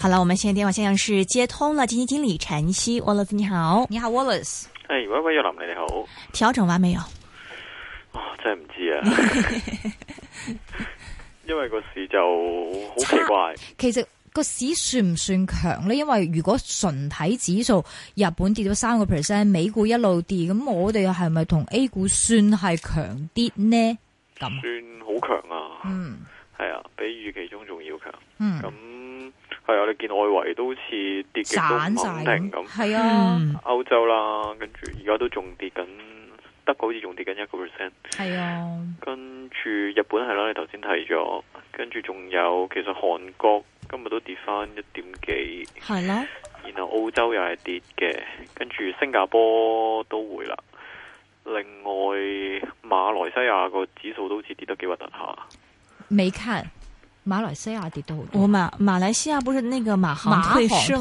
好啦，我們先現在電話線上是接通了基金經理陳昕，Wallace 你好，你好 Wallace，誒喂、hey, 喂，若林你好，調整完沒有？啊、oh,，真係唔知啊，因為個市就好奇怪。其實個市算唔算強呢？因為如果純睇指數，日本跌咗三個 percent，美股一路跌，咁我哋係咪同 A 股算係強啲呢？咁算好強啊，嗯，係啊，比預期中仲要強，嗯咁。嗯係啊，你見外圍都好似跌極都唔肯停咁，係、嗯、啊，歐洲啦，跟住而家都仲跌緊，德國好似仲跌緊一個 percent，係啊，跟住日本係啦，你頭先提咗，跟住仲有，其實韓國今日都跌翻一點幾，係啦，然後澳洲又係跌嘅，跟住新加坡都會啦，另外馬來西亞個指數都好似跌得幾核突下，美看。馬來西亞跌到，我馬馬來西亞不是那個馬航飛失，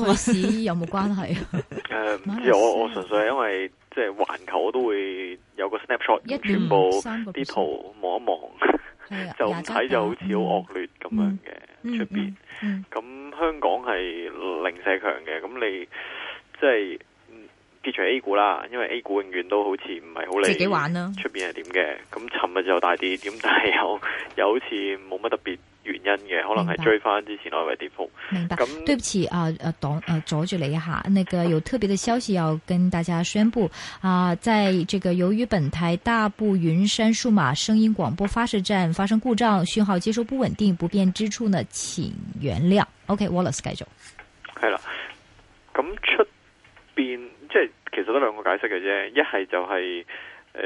有冇關係啊？誒、 嗯，唔知我我純粹係因為即係環球我都會有個 snapshot，全部啲圖望一望，啊、 就睇就好似好惡劣咁樣嘅出邊。咁、嗯嗯嗯嗯嗯嗯嗯嗯嗯、香港係零舍強嘅，咁你即係撇除 A 股啦，因為 A 股永遠都好似唔係好理自己玩啦，出邊係點嘅？咁尋日就大啲，點但係又又好似冇乜特別。原因嘅可能係追翻之前外圍跌幅。明白。咁對不起啊，啊黨啊，阻住你一下。那個有特別嘅消息要跟大家宣布啊，在這個由於本台大埔雲山數碼聲音廣播發射站發生故障，訊號接收不穩定，不便之處呢，請原諒。OK，Wallace、okay, 繼續。係啦，咁出邊即係其實都兩個解釋嘅啫，一係就係、是、誒、呃、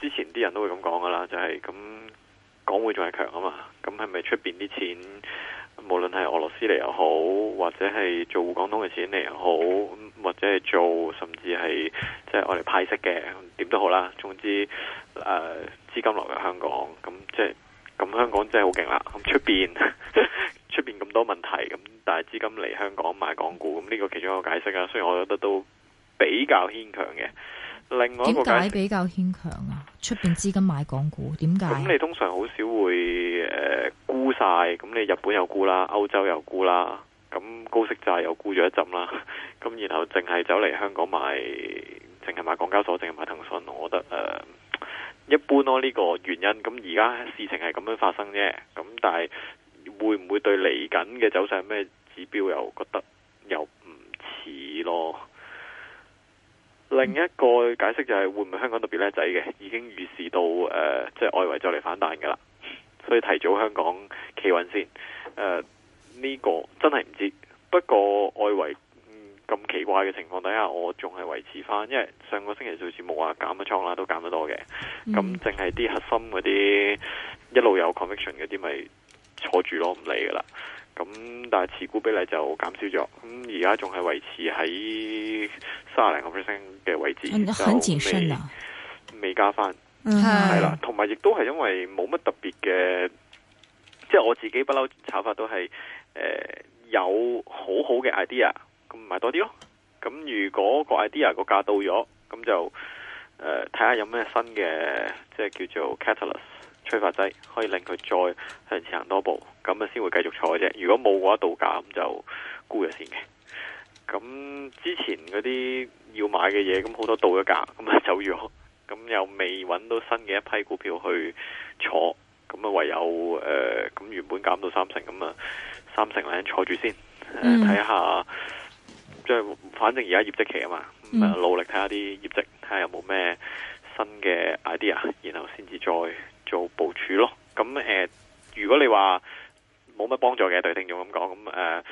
之前啲人都會咁講噶啦，就係、是、咁。港匯仲係強啊嘛，咁係咪出邊啲錢，無論係俄羅斯嚟又好，或者係做廣東嘅錢嚟又好，或者係做甚至係即係我哋派息嘅，點都好啦。總之，誒、呃、資金流入香港，咁即係咁香港真係好勁啦。咁出邊出邊咁多問題，咁但係資金嚟香港買港股，咁呢個其中一個解釋啦。雖然我覺得都比較牽強嘅。另外一個，點解比較牽強啊？出邊資金買港股，點解？咁你通常好少會誒、呃、沽晒，咁你日本又沽啦，歐洲又沽啦，咁高息債又沽咗一陣啦，咁然後淨係走嚟香港買，淨係買港交所，淨係買騰訊，我覺得誒、呃、一般咯呢、這個原因。咁而家事情係咁樣發生啫，咁但係會唔會對嚟緊嘅走勢咩指標又覺得又唔似咯？另一個解釋就係會唔會香港特別叻仔嘅，已經預示到誒，即、呃、係、就是、外圍就嚟反彈噶啦，所以提早香港企穩先。誒、呃，呢、這個真係唔知。不過外圍咁、嗯、奇怪嘅情況底下，我仲係維持翻，因為上個星期做節目話減咗倉啦，都減得多嘅。咁、嗯，淨係啲核心嗰啲一路有 conviction 嗰啲，咪坐住咯，唔理噶啦。咁但係持股比例就減少咗，咁而家仲係維持喺三十零個 percent 嘅位置。你都很謹慎啊，就未,未加翻，係啦，同埋亦都係因為冇乜特別嘅，即係我自己不嬲炒法都係，誒有好好嘅 idea 咁買多啲咯。咁如果個 idea 個價到咗，咁就誒睇下有咩新嘅，即係叫做 catalyst。催化劑可以令佢再向前行多步，咁啊，先會繼續坐嘅啫。如果冇嘅話，到價咁就沽咗先嘅。咁之前嗰啲要買嘅嘢，咁好多到咗價，咁啊走咗，咁又未搵到新嘅一批股票去坐，咁啊唯有誒咁、呃、原本減到三成，咁啊三成咧，坐住先，睇、呃嗯、下即係反正而家業績期啊嘛，努力睇下啲業績，睇下有冇咩新嘅 idea，然後先至再。做部署咯，咁誒、呃，如果你話冇乜幫助嘅，對聽眾咁講，咁誒、呃，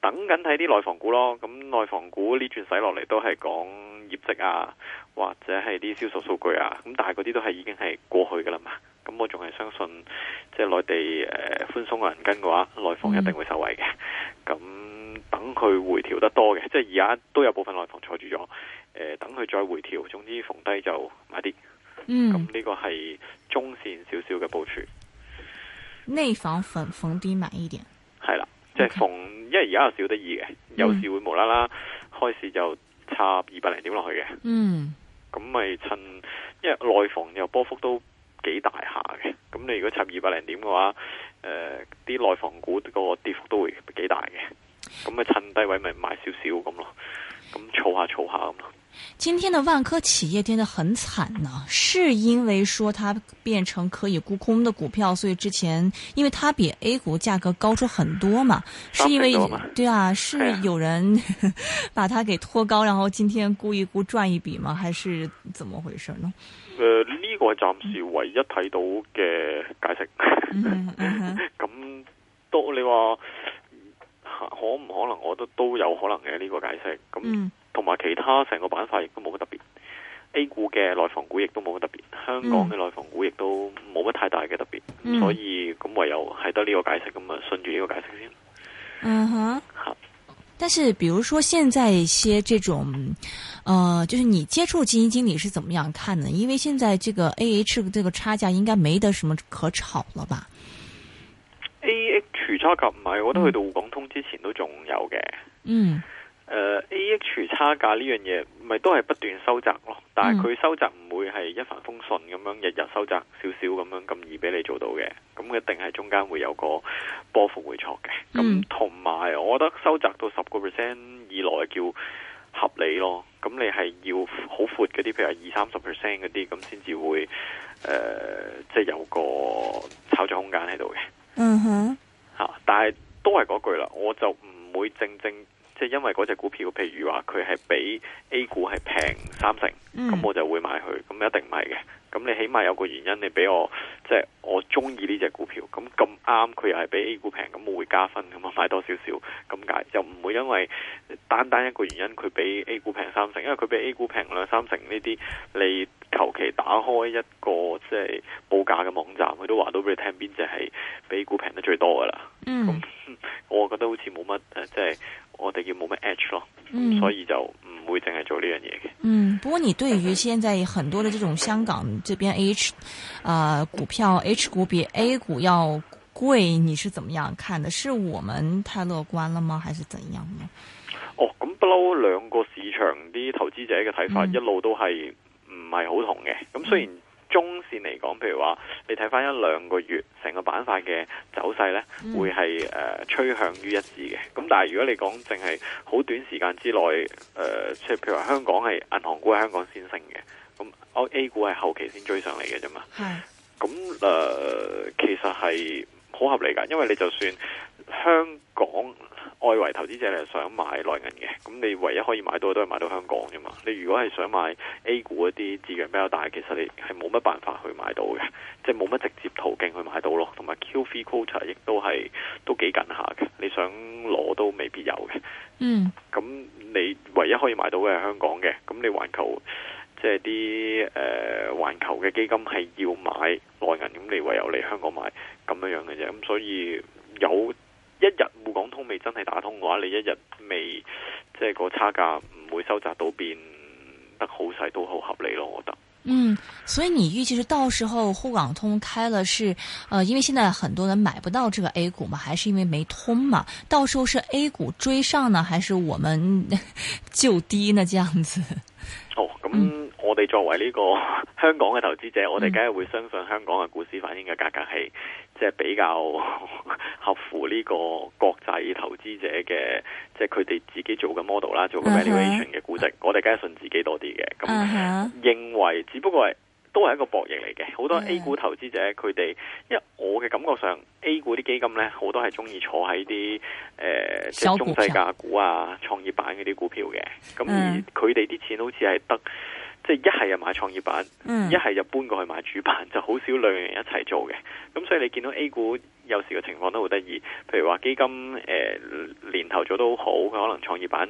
等緊睇啲內房股咯，咁內房股呢轉洗落嚟都係講業績啊，或者係啲銷售數據啊，咁但係嗰啲都係已經係過去噶啦嘛，咁我仲係相信，即係內地誒、呃、寬鬆銀根嘅話，內房一定會受惠嘅，咁、嗯、等佢回調得多嘅，即係而家都有部分內房坐住咗，誒、呃，等佢再回調，總之逢低就買啲。咁、嗯、呢個係中線少少嘅部署，內房逢逢低埋一點，係啦，即、就、係、是、逢，okay. 因為而家有少得意嘅，有時會無啦啦開始就插二百零點落去嘅，嗯，咁咪趁，因為內房又波幅都幾大下嘅，咁你如果插二百零點嘅話，誒、呃，啲內房股個跌幅都會幾大嘅，咁咪趁低位咪買少少咁咯，咁儲下儲下咁咯。今天的萬科企業跌得很慘呢、啊，是因為說它變成可以沽空的股票，所以之前因為它比 A 股價格高出很多嘛，是因為對啊，是有人把它給托高，然後今天沽一沽賺一筆嗎？還是怎麼回事呢？呃，呢個係暫時唯一睇到嘅解釋。咁、 嗯嗯嗯、 都你話可唔可能？我都都有可能嘅呢個解釋。咁。嗯同埋其他成個板塊亦都冇乜特別，A 股嘅內房股亦都冇乜特別，香港嘅內房股亦都冇乜太大嘅特別，嗯，所以咁唯有係得呢個解釋咁啊，順住呢個解釋先。嗯、啊、哼、啊，但是，比如說，現在一些這種，呃，就是你接觸基金經理是怎麼樣看呢？因為現在這個 A H 這個差價應該沒得什麼可炒了吧，啊呃就是？A H 差價唔係，我覺得去到滬港通之前都仲有嘅。嗯。嗯誒、uh,，A.H. 差價呢樣嘢，咪都係不斷收窄咯。但係佢收窄唔會係一帆風順咁、嗯、樣，日日收窄少少咁樣咁易俾你做到嘅。咁佢一定係中間會有個波幅會錯嘅。咁同埋，我覺得收窄到十個 percent 以內叫合理咯。咁你係要好闊嗰啲，譬如話二三十 percent 嗰啲，咁先至會誒、呃，即係有個炒作空間喺度嘅。嗯哼，吓、啊，但係都係嗰句啦，我就唔會正正。即係因為嗰隻股票，譬如話佢係比 A 股係平三成，咁、嗯、我就會買佢，咁一定唔係嘅。咁你起碼有個原因，你俾我即係我中意呢隻股票，咁咁啱佢又係比 A 股平，咁我會加分，咁我買多少少。咁解又唔會因為單單一個原因佢比 A 股平三成，因為佢比 A 股平兩三成呢啲，你求其打開一個即係報價嘅網站，佢都話到俾你聽邊隻係比 A 股平得最多噶啦。嗯，我覺得好似冇乜即係。啊就是我哋要冇咩 edge 咯，嗯，所以就唔會淨係做呢樣嘢嘅。嗯，不過你對於現在很多的這種香港這邊 H，啊，呃，股票 H 股比 A 股要貴，你是怎麼樣看的？是我們太樂觀了嗎，還是怎樣呢？哦，咁不嬲，兩個市場啲投資者嘅睇法一路都係唔係好同嘅。咁雖然。中線嚟講，譬如話你睇翻一兩個月成個板塊嘅走勢呢，會係誒、呃、趨向於一致嘅。咁但係如果你講淨係好短時間之內，誒即係譬如話香港係銀行股係香港先升嘅，咁 A 股係後期先追上嚟嘅啫嘛。咁、呃、其實係好合理㗎，因為你就算香。講外圍投資者你想買內銀嘅，咁你唯一可以買到嘅都係買到香港啫嘛。你如果係想買 A 股嗰啲資源比較大，其實你係冇乜辦法去買到嘅，即係冇乜直接途徑去買到咯。同埋 QFII quota 亦都係都幾近下嘅，你想攞都未必有嘅。嗯，咁你唯一可以買到嘅係香港嘅。咁你環球即係啲誒環球嘅基金係要買內銀，咁你唯有嚟香港買咁樣樣嘅啫。咁所以有。一日滬港通未真係打通嘅話，你一日未，即係個差價唔會收窄到變得好細都好合理咯，我覺得。嗯，所以你預期是到時候滬港通開了，是，呃，因為現在很多人買不到這個 A 股嘛，還是因為沒通嘛？到時候是 A 股追上呢，還是我們就低呢？這樣子？哦，咁我哋作為呢個香港嘅投資者，我哋梗係會相信香港嘅股市反映嘅價格係即係比較合乎呢個國際投資者嘅，即係佢哋自己做嘅 model 啦，做嘅 valuation 嘅估值，uh-huh. 我哋梗係信自己多啲嘅，咁認為，只不過係。都係一個博弈嚟嘅，好多 A 股投資者佢哋、mm.，因為我嘅感覺上 A 股啲基金呢，好多係、呃、中意坐喺啲誒中小細價股啊、創業板嗰啲股票嘅，咁而佢哋啲錢好似係得，mm. 即係一係就買創業板，一、mm. 係就搬過去買主板，就好少兩樣人一齊做嘅，咁所以你見到 A 股。有時嘅情況都好得意，譬如話基金誒年頭做都好，佢可能創業板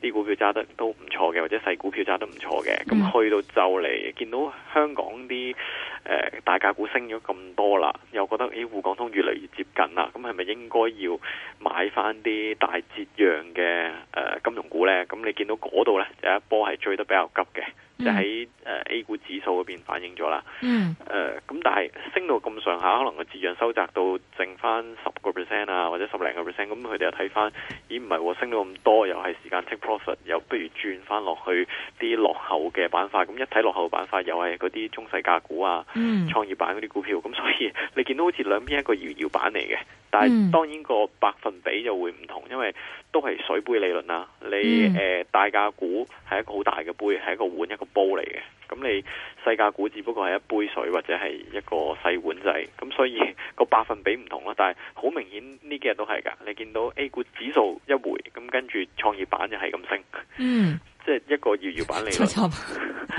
啲股票揸得都唔錯嘅，或者細股票揸得唔錯嘅。咁去到就嚟見到香港啲誒、呃、大價股升咗咁多啦，又覺得誒滬港通越嚟越接近啦，咁係咪應該要買翻啲大折讓嘅誒金融股呢？咁你見到嗰度呢，有一波係追得比較急嘅，嗯、就喺、呃、A 股指數嗰邊反映咗啦。嗯、呃，誒咁但係升到咁上下，可能個折讓收窄到。剩翻十個 percent 啊，或者十零個 percent，咁佢哋又睇翻，咦，唔係喎，升到咁多，又係時間 take profit，又不如轉翻落去啲落後嘅板塊，咁一睇落後板塊又係嗰啲中細價股啊，mm. 創業板嗰啲股票，咁所以你見到好似兩邊一個搖搖板嚟嘅。但係當然個百分比就會唔同，因為都係水杯理論啦。你誒、呃、大價股係一個好大嘅杯，係一個碗一個煲嚟嘅。咁你細價股只不過係一杯水或者係一個細碗仔。咁所以個百分比唔同咯。但係好明顯呢幾日都係噶。你見到 A 股指數一回，咁跟住創業板就係咁升。嗯。即係一個粵語版嚟嘅，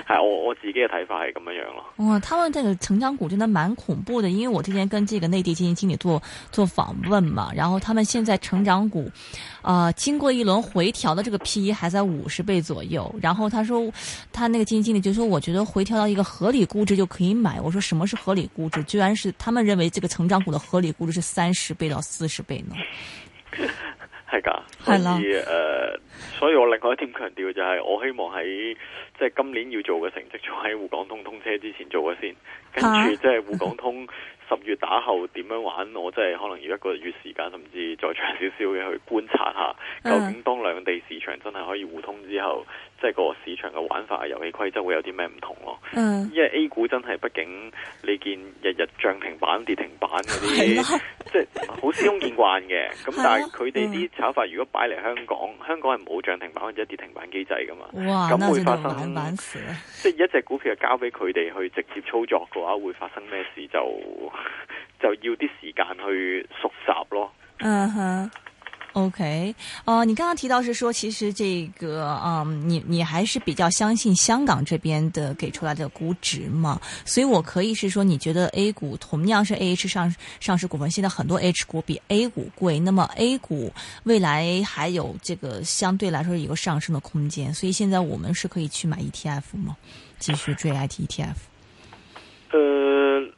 係我我自己嘅睇法係咁樣樣咯。哇、 嗯，他們這個成長股真的蠻恐怖的，因為我之前跟這個內地基金經理做做訪問嘛，然後他們現在成長股，啊、呃、經過一輪回調的這個 P E 還在五十倍左右，然後他說他那個基金經理就說我覺得回調到一個合理估值就可以買，我說什麼是合理估值？居然是他們認為這個成長股的合理估值是三十倍到四十倍呢。 係噶，所以誒、呃，所以我另外一點強調就係，我希望喺即係今年要做嘅成績，就喺滬港通通車之前做咗先，跟住即係滬港通、啊。嗯十月打後點樣玩？我真係可能要一個月時間，甚至再長少少嘅去觀察一下，究竟當兩地市場真係可以互通之後，嗯、即係個市場嘅玩法、遊戲規則會有啲咩唔同咯、嗯？因為 A 股真係畢竟你見日日漲停板、跌停板嗰啲，即係好司空見慣嘅。咁 但係佢哋啲炒法，如果擺嚟香港，香港係冇漲停板或者跌停板機制噶嘛？哇！咁會發生即係一隻股票交俾佢哋去直接操作嘅話，會發生咩事就？就要啲時間去熟習咯。嗯、uh、哼 -huh.，OK。哦，你剛剛提到是說，其實這個嗯，um, 你你還是比較相信香港這邊的給出來的估值嘛？所以，我可以是說，你覺得 A 股同樣是 A H 上上市股份，現在很多 H 股比 A 股貴，那麼 A 股未來還有這個相對來說一個上升的空間，所以現在我們是可以去買 ETF 嗎？繼續追 I T E T F。呃、uh -huh.。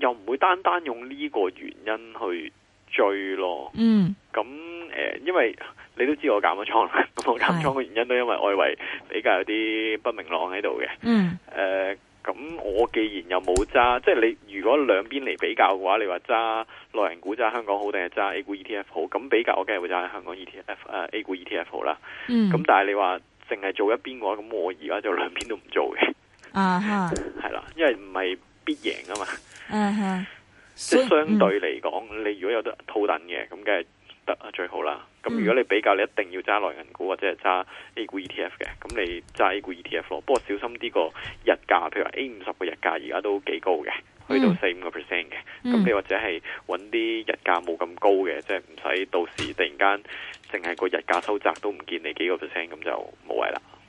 又唔會單單用呢個原因去追咯。嗯，咁誒，因為你都知我減咗倉，咁我減倉嘅原因都因為外圍比較有啲不明朗喺度嘅。嗯、呃，誒，咁我既然又冇揸，即係你如果兩邊嚟比較嘅話，你話揸內銀股揸香港好定係揸 A 股 ETF 好？咁比較我梗係會揸香港 ETF 誒 A 股 ETF 好啦。咁但係你話淨係做一邊嘅話，咁我而家就兩邊都唔做嘅。係係啦，因為唔係必贏啊嘛。嗯哼，即相對嚟講，你如果有得套等嘅，咁梗係得啊，最好啦。咁如果你比較，你一定要揸內銀股或者係揸 A 股 ETF 嘅，咁你揸 A 股 ETF 咯。不過小心啲，個日價，譬如話 A 五十個日價而家都幾高嘅，去到四五個 percent 嘅。咁，um, 你或者係揾啲日價冇咁高嘅，即係唔使到時突然間淨係個日價收窄都唔見你幾個 percent，咁就冇謂啦。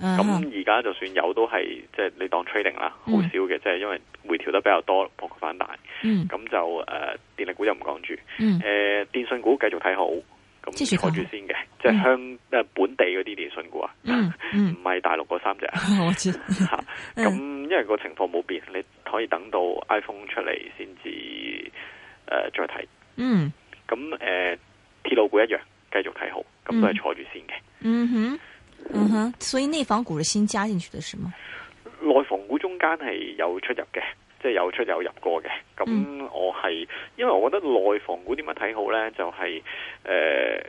咁而家就算有都係即係你當 trading 啦，好少嘅，即、mm. 係因為回調得比較多，博反彈。咁、mm. 就誒、呃、電力股又唔講住，誒、mm. 呃、電信股繼續睇好，咁坐住先嘅、嗯，即係向誒、呃、本地嗰啲電信股啊，唔、mm. 係、啊、大陸嗰三隻、啊。 我知道。咁、 啊、因為個情況冇變，你可以等到 iPhone 出嚟先至誒再睇。嗯、mm.。咁誒鐵路股一樣繼續睇好，咁都係坐住先嘅。嗯哼。嗯哼，所以內房股係新加進去的是什麼，是嗎？內房股中間係有出入嘅，即、就、係、是、有出有入過嘅。咁我係因為我覺得內房股點樣睇好咧，就係、是、誒、呃、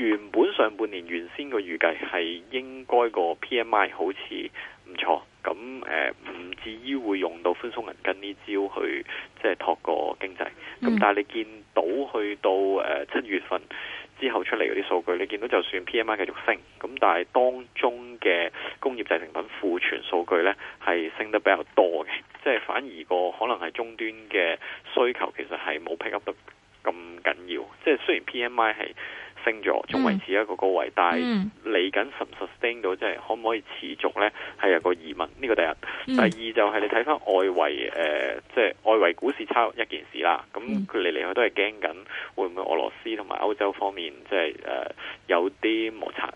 原本上半年原先嘅預計係應該個 PMI 好似唔錯，咁誒唔至於會用到寬鬆銀根呢招去即係托個經濟。咁、嗯、但係你見到去到誒七、呃、月份。之後出嚟嗰啲數據，你見到就算 PMI 繼續升，咁但係當中嘅工業製成品庫存數據呢係升得比較多嘅，即係反而個可能係終端嘅需求其實係冇 pick up 得咁緊要，即係雖然 PMI 係。升咗，仲維持一個高位、嗯，但係嚟緊實唔實升到，即係可唔可以持續咧，係有個疑問。呢、這個第一，第二就係你睇翻外圍，誒、呃，即係外圍股市差一件事啦。咁佢嚟嚟去去都係驚緊，嗯、會唔會俄羅斯同埋歐洲方面，即係誒有啲摩擦。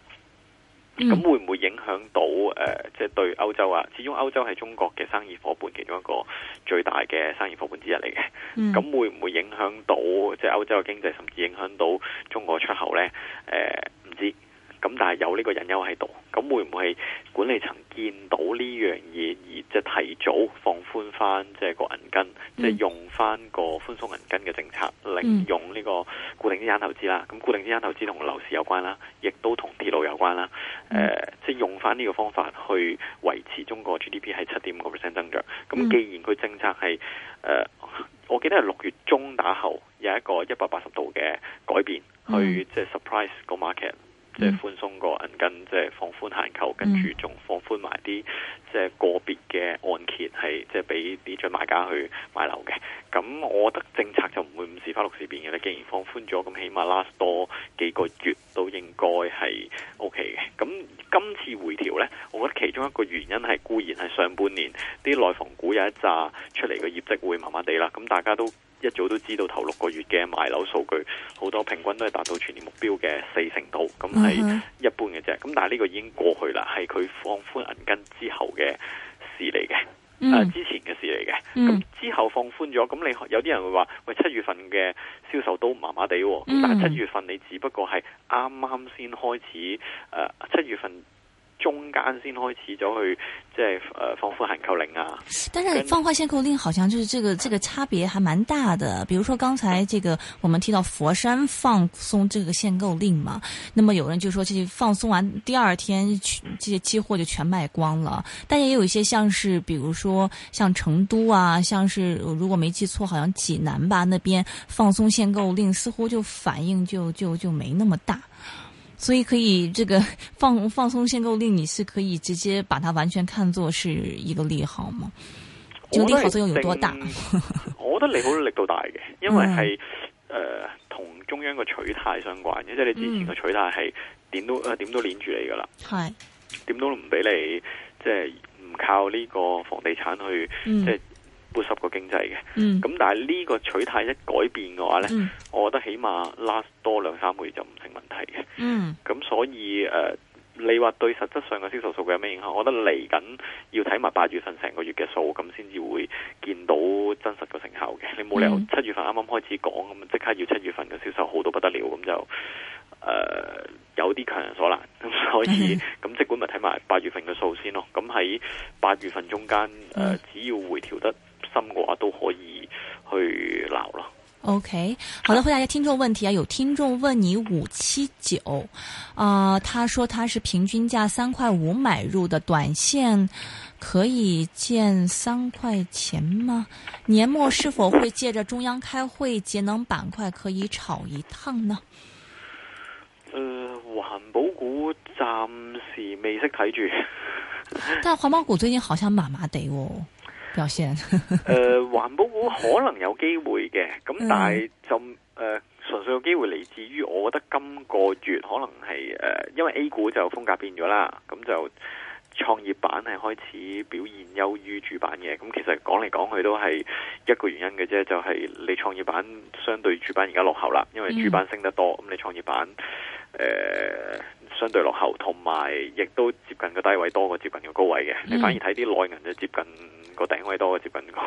咁會唔會影響到誒，即、呃、係、就是、對歐洲啊？始終歐洲係中國嘅生意伙伴其中一個最大嘅生意伙伴之一嚟嘅。咁會唔會影響到即係、就是、歐洲嘅經濟，甚至影響到中國出口呢？誒、呃，唔知。咁但係有呢個隱憂喺度，咁會唔會係管理層見到呢樣嘢而即係提早放寬翻，即係個銀根，即、嗯、係、就是、用翻個寬鬆銀根嘅政策，嗯、利用呢個固定資產投資啦。咁固定資產投資同樓市有關啦，亦都同鐵路有關啦。誒、嗯、即、呃、係、就是、用翻呢個方法去維持中國 GDP 係七點五個 percent 增長。咁、嗯、既然佢政策係誒、呃，我記得係六月中打後有一個一百八十度嘅改變，嗯、去即係 surprise 個 market。即、嗯、係、就是、寬鬆個銀根，即、就、係、是、放寬限購，跟住仲放寬埋啲即係個別嘅按揭，係即係俾啲準買家去買樓嘅。咁我覺得政策就唔會五時花六時變嘅啦。既然放寬咗，咁起碼 last 多幾個月都應該係 OK 嘅。咁今次回調呢，我覺得其中一個原因係固然係上半年啲內房股有一揸出嚟嘅業績會麻麻地啦，咁大家都。一早都知道，頭六個月嘅賣樓數據好多平均都係達到全年目標嘅四成度，咁、嗯、係一般嘅啫。咁但係呢個已經過去啦，係佢放寬銀根之後嘅事嚟嘅、呃，之前嘅事嚟嘅。咁、嗯嗯、之後放寬咗，咁你有啲人會話：喂，七月份嘅銷售都麻麻地，但係七月份你只不過係啱啱先開始。誒、呃，七月份。中間先開始咗去，即係呃放寬限購令啊。但是放寬限購令好像就是這個這個差別還蠻大的。比如說剛才這個，嗯、我們提到佛山放鬆這個限購令嘛，那麼有人就說，這些放鬆完第二天，這些期貨就全賣光了。但也有一些，像是比如說像成都啊，像是如果沒記錯，好像濟南吧，那邊放鬆限購令，似乎就反應就就就沒那麼大。所以可以，這個放放鬆限購令，你是可以直接把它完全看作是一個利好嗎？這個利好作用有多大？ 我覺得利好力度大嘅，因為係誒同中央嘅取態相關嘅，即係你之前嘅取態係點都誒點都連住你噶啦，點、嗯、都唔俾你即係唔靠呢個房地產去即係。就是嗯 push 個經濟嘅，咁、嗯、但係呢個取態一改變嘅話呢、嗯，我覺得起碼 last 多兩三個月就唔成問題嘅。咁、嗯、所以誒，uh, 你話對實質上嘅銷售數據有咩影響？我覺得嚟緊要睇埋八月份成個月嘅數，咁先至會見到真實嘅成效嘅。你冇理由七月份啱啱開始講咁，即、嗯、刻要七月份嘅銷售好到不得了咁就誒、uh, 有啲強人所難。咁、嗯、所以咁，嗯、即管咪睇埋八月份嘅數先咯。咁喺八月份中間誒、嗯呃，只要回調得。心嘅話都可以去鬧咯。OK，好啦，回答下聽眾問題啊，有聽眾問你五七九，啊、呃，他說他是平均價三塊五買入的，短綫可以見三塊錢嗎？年末是否會借着中央開會節能板塊可以炒一趟呢？呃，環保股暫時未識睇住， 但環保股最近好像麻麻地哦。表現誒，環、 呃、保股可能有機會嘅，咁但係就誒，純、呃、粹有機會嚟自於，我覺得今個月可能係誒、呃，因為 A 股就風格變咗啦，咁就創業板係開始表現優於主板嘅，咁其實講嚟講去都係一個原因嘅啫，就係、是、你創業板相對主板而家落後啦，因為主板升得多，咁你創業板誒。呃相對落後，同埋亦都接近個低位多過接近個高位嘅、嗯。你反而睇啲內銀，就接近個頂位多過接近個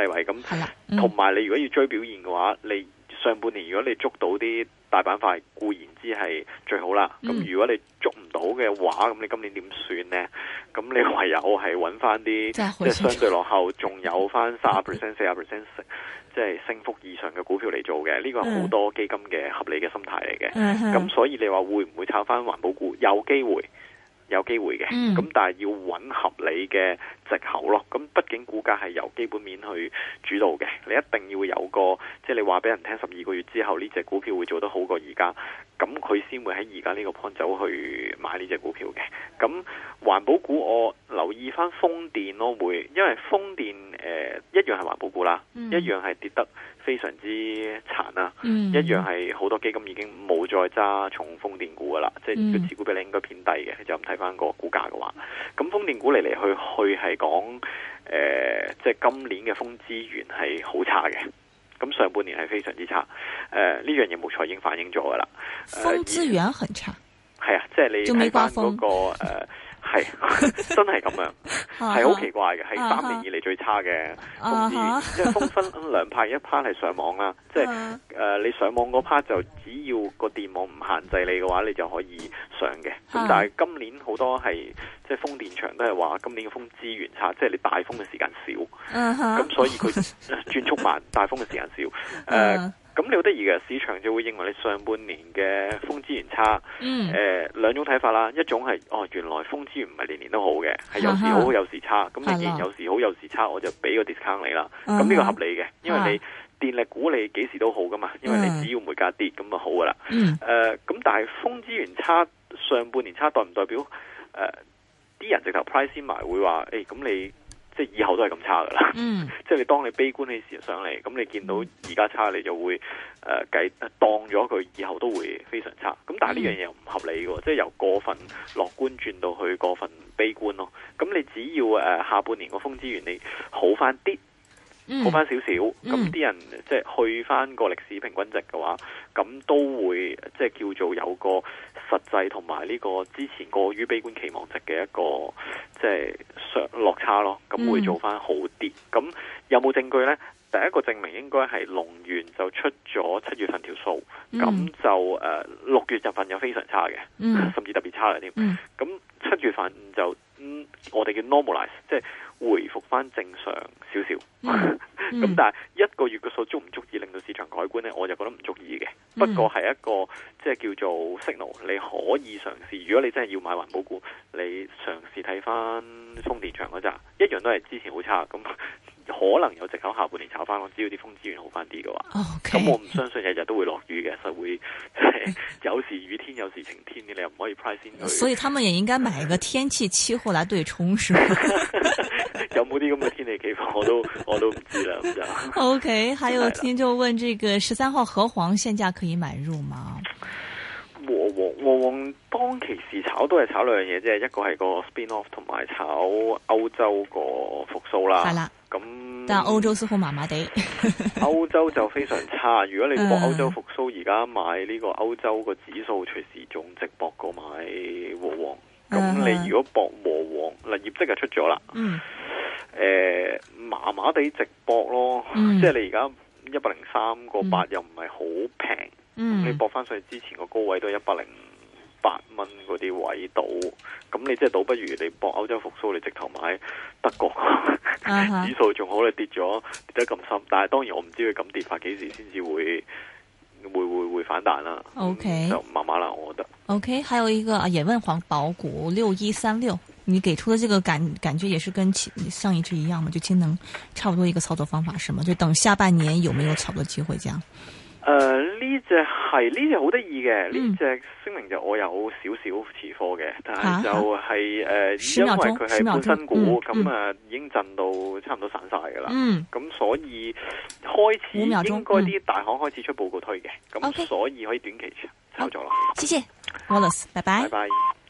低位。咁，同、嗯、埋你如果要追表現嘅話，你。上半年如果你捉到啲大板塊，固然之係最好啦。咁、嗯、如果你捉唔到嘅話，咁你今年點算呢？咁你唯有係揾翻啲即係相對落後仲有翻卅 percent、四啊 percent 即係升幅以上嘅股票嚟做嘅。呢個係好多基金嘅合理嘅心態嚟嘅。咁、嗯、所以你話會唔會炒翻環保股？有機會。有機會嘅，咁但係要揾合理嘅藉口咯。咁畢竟股價係由基本面去主導嘅，你一定要有個，即係你話俾人聽十二個月之後呢隻、這個、股票會做得好過而家。咁佢先會喺而家呢個 point 走去買呢隻股票嘅。咁環保股我留意翻風電咯，會因為風電誒一樣係環保股啦，一樣係、嗯、跌得非常之殘啦，一樣係好多基金已經冇再揸重風電股噶啦，嗯、即係持股比例應該偏低嘅。就咁睇翻個股價嘅話，咁風電股嚟嚟去去係講誒，即、呃、係、就是、今年嘅風資源係好差嘅。咁上半年係非常之差，誒、呃，呢樣嘢冇錯，已經反映咗噶啦。誒，風資源很差，係啊，即係你睇翻嗰個誒。係 真係咁樣，係 好奇怪嘅，係三年以嚟最差嘅風資源。 即係風分兩派，一派係上網啦，即係誒你上網嗰 part 就只要個電網唔限制你嘅話，你就可以上嘅。咁但係今年好多係即係風電場都係話，今年嘅風資源差，即係你大風嘅時間少。咁 所以佢轉速慢，大風嘅時間少。誒、呃。 咁你好得意嘅，市場就會認為你上半年嘅風資源差，嗯呃、兩種睇法啦。一種係哦，原來風資源唔係年年都好嘅，係有時好有時差。咁、嗯、你既然有時好、嗯、有時差，我就俾個 discount 你啦。咁、嗯、呢個合理嘅，因為你電力股你幾時都好噶嘛，因為你只要煤價跌咁、嗯、就好噶啦。誒、嗯，咁、呃、但係風資源差，上半年差，代唔代表啲、呃、人直頭 price 埋會話？誒、欸、咁你。即係以後都係咁差噶啦，嗯、即係你當你悲觀嘅時候上嚟，咁你見到而家差，你就會誒計、呃、當咗佢以後都會非常差。咁但係呢樣嘢又唔合理嘅，即係由過分樂觀轉到去過分悲觀咯。咁你只要誒、呃、下半年個風資源你好翻啲。嗯嗯、好翻少少，咁啲人即係去翻個歷史平均值嘅話，咁都會即係、就是、叫做有個實際同埋呢個之前過於悲觀期望值嘅一個即係上落差咯，咁會做翻好啲。咁有冇證據呢？第一個證明應該係龍源就出咗七月份條數，咁就誒、呃、六月入份有非常差嘅、嗯，甚至特別差嗰添。咁、嗯、七月份就嗯，我哋叫 normalize 即、就、係、是。回復翻正常少少，咁、嗯、 但係一個月嘅數足唔足以令到市場改觀呢，我就覺得唔足以嘅，不過係一個即係叫做 signal，你可以嘗試。如果你真係要買環保股，你嘗試睇翻風電場嗰扎，一樣都係之前好差咁。可能有藉口下半年炒翻我只要啲風資源好翻啲嘅話，咁、okay, 我唔相信日日都會落雨嘅，實會、呃、有時雨天，有時晴天，你又唔可以 price the... 所以他們也應該買一個天氣期貨來對沖，是 有冇啲咁嘅天氣期貨？我都我都唔知啦。O、okay, K，還有聽眾問這個十三號和黃現價可以買入嗎？和王，當其時炒都係炒兩樣嘢即係，一個係個 spin off 同埋炒歐洲個復甦啦。係啦，咁但係歐洲似乎麻麻地，歐 洲就非常差。如果你博歐洲復甦，而、嗯、家買呢個歐洲個指數，隨時仲值博過買和王。咁、嗯、你如果博和王嗱、嗯啊，業績又出咗啦。誒、嗯，麻麻地值博咯，嗯、即係你而家一百零三個八又唔係好平。嗯、你博翻上去之前個高位都係一百零。八蚊嗰啲位倒，咁你即係倒不如你博歐洲復蘇，你直頭買德國、uh -huh. 指數仲好，你跌咗跌得咁深，但係當然我唔知佢咁跌法，幾時先至會會會會反彈啦、啊。OK、嗯、就麻麻啦，我覺得。OK，還有一個啊，也問黃寶股六一三六，6136，你給出的這個感感覺也是跟上一支一樣嘛？就金能差不多一個操作方法是嘛？就等下半年有沒有炒作機會咁樣？誒、呃，呢隻係呢隻好得意嘅，呢隻聲明就我有少少持貨嘅，但係就係、是、誒、啊呃，因為佢係本身股，咁、嗯、啊、嗯、已經震到差唔多散晒噶啦，咁、嗯、所以開始應該啲大行開始出報告推嘅，咁、嗯、所以可以短期炒作啦。謝謝，Wallace，拜拜。拜拜。